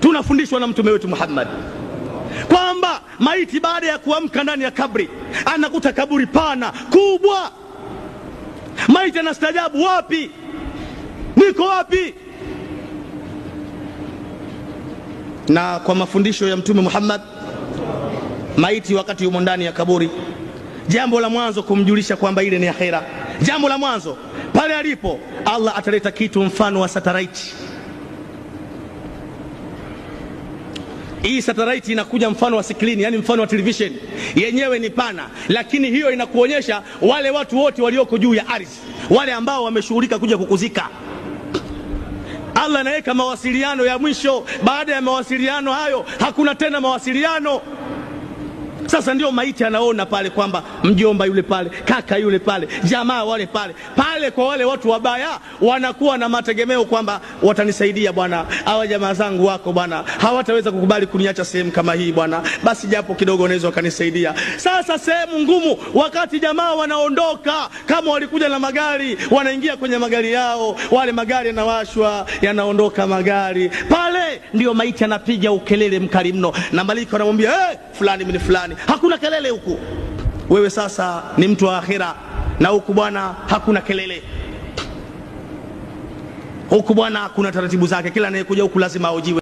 tunafundishwa na mtume wetu Muhammad kwamba maiti baada ya kuamka ndani ya kabri anakuta kaburi pana kubwa. Maiti anastajabu wapi? Niko wapi? Na kwa mafundisho ya mtume Muhammad, maiti wakati yumo ndani ya kaburi, jambo la mwanzo kumjulisha kwamba ile ni akhera. Jambo la mwanzo pale alipo, Allah ataleta kitu mfano wa sataraiti Hii satellite inakuja mfano wa screen, yani mfano wa television, yenyewe ni pana, lakini hiyo inakuonyesha wale watu wote walioko juu ya ardhi, wale ambao wameshughulika kuja kukuzika. Allah anaweka mawasiliano ya mwisho. Baada ya mawasiliano hayo hakuna tena mawasiliano. Sasa ndio maiti anaona pale kwamba mjomba yule pale, kaka yule pale, jamaa wale pale pale. Kwa wale watu wabaya, wanakuwa na mategemeo kwamba watanisaidia bwana, hawa jamaa zangu wako bwana, hawataweza kukubali kuniacha sehemu kama hii bwana, basi japo kidogo wanaweza wakanisaidia. Sasa sehemu ngumu, wakati jamaa wanaondoka, kama walikuja na magari, wanaingia kwenye magari yao, wale magari yanawashwa, yanaondoka magari pale hey! Ndio maiti anapiga ukelele mkali mno, na malaika anamwambia hey, eh, fulani mini fulani, hakuna kelele huku. Wewe sasa ni mtu wa akhira, na huku bwana hakuna kelele huku bwana kuna taratibu zake. Kila anayekuja huku lazima aojiwe.